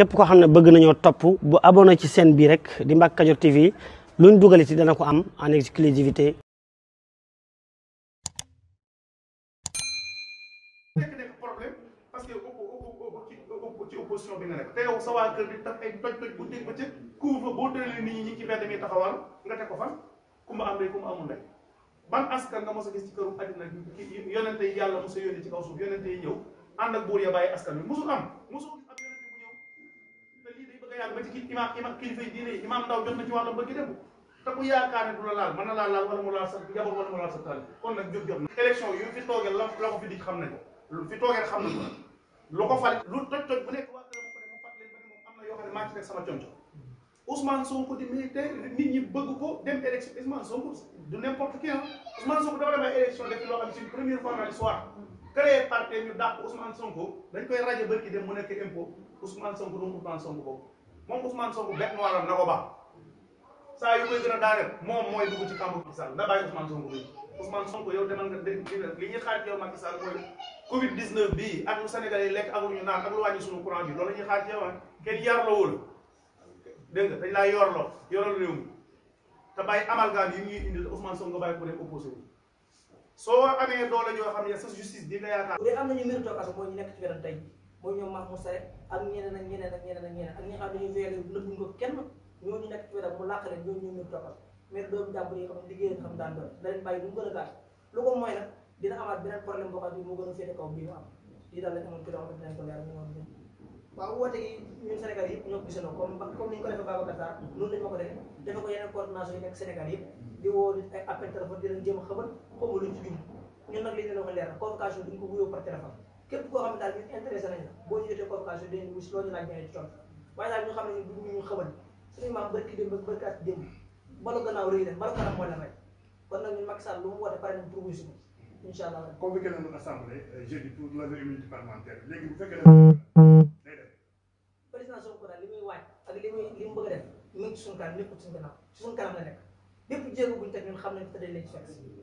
képp koo xam ne bëgg nañoo topp bu abonné ci chaîne bi di Mbacke Kadior TV ci te yow sa kër bi tax ay bu dégg ba ca couvre boo tëralee nit ñi ñi ci mbedd mi taxawal nga teg ko fan ku am ndey ku amul ndey ban askan nga mos a gis ci këru àddina yonente yi yàlla mos a yónni ci kaw suuf yonente yi ñëw ànd ak buur ya bàyyi askan bi mosul am mosul ñaan ba ci kii imaam imaam kilifa yi diine imaam ndaw jot na ci wàllam ba ki dem te bu yaakaar ne du la laal mën na laa laal wala mu laal sa njaboot wala mu laal sa taal kon nag jot jot na élection yu fi toogee la la ko fi dik xam nañ ko fi toogee xam nañ ko lu ko fal lu toj toj bu nekk waa kër moom ko ne moom fat leen ba ne moom am na yoo xam ne maa ci nekk sama conco Ousmane Sonko di militaire nit ñi bëgg ko dem élection Ousmane Sonko du n'importe qui ah Ousmane Sonko dafa dem ay élection def loo xam ne c'est une première fois dans l'histoire créé parti ñu dàq Ousmane Sonko dañ koy rajo barki dem mu nekk impôt Ousmane Sonko doon Ousmane Sonko boobu moom Ousmane Sonko bête noire am na ko baax saa yu koy gën a daaneel moom mooy dugg ci camp Macky Sall na bàyyi Ousmane Sonko muy yow demal nga dégg li ñuy xaar ci yow Macky Sall mooy Covid 19 bii ak lu Sénégal yi lekk ak lu ñu naan ak a wàññi suñu courant bi loolu la ñuy xaar ci yow ah kenn yarloo la dégg nga dañ laa yorloo yoral réew mi te bàyyi amalgame yi ñuy indil Ousmane Sonko nga bàyyi ko dem opposé wu soo amee doole ñoo xam ne sa justice bi nga yaakaar. bu mooy ñoom Mahmoud Sarr ak ñeneen ak ñeneen ak ñeneen ak ñeneen ak ñi nga xam ne ñu veillé nëbbuñ ko kenn ñooñu nekk ci wetam mu làq yi xam ne a gaaw a féete kaw bii am ñu moom waaw woote yi ñun Sénégal yëpp ñoo gisee comme comme ni ñu ko defee Babacar Sarr noonu lañ ma ko defee defe ko yeneen di ay appel téléphone di leen jéem a xamal comme luñ ci jum ñun nag li ñu leen wax duñ ko wuyoo par téléphone képp koo xam ne daal ñun intéressé nañ la boo ñu jotee convocation dañu wis loo ñu laaj ñene ci tontu waaye daal ñu xam ne dugg ñu xamal suñu maam barki démb ak barki at démb balu gannaaw rëy rek balu kanam moo leen rey kon nag ñun Macky Sall lu mu woote pare nañ pour wuy suñu incha allah convoqué nañu assemblée euh, jeudi pour la réunion parlementaire léegi bu fekkee day def président Sonko daal li muy waaj ak li muy li mu bëgg a mu ngi ci suñu kanam lépp la nekk lépp jéego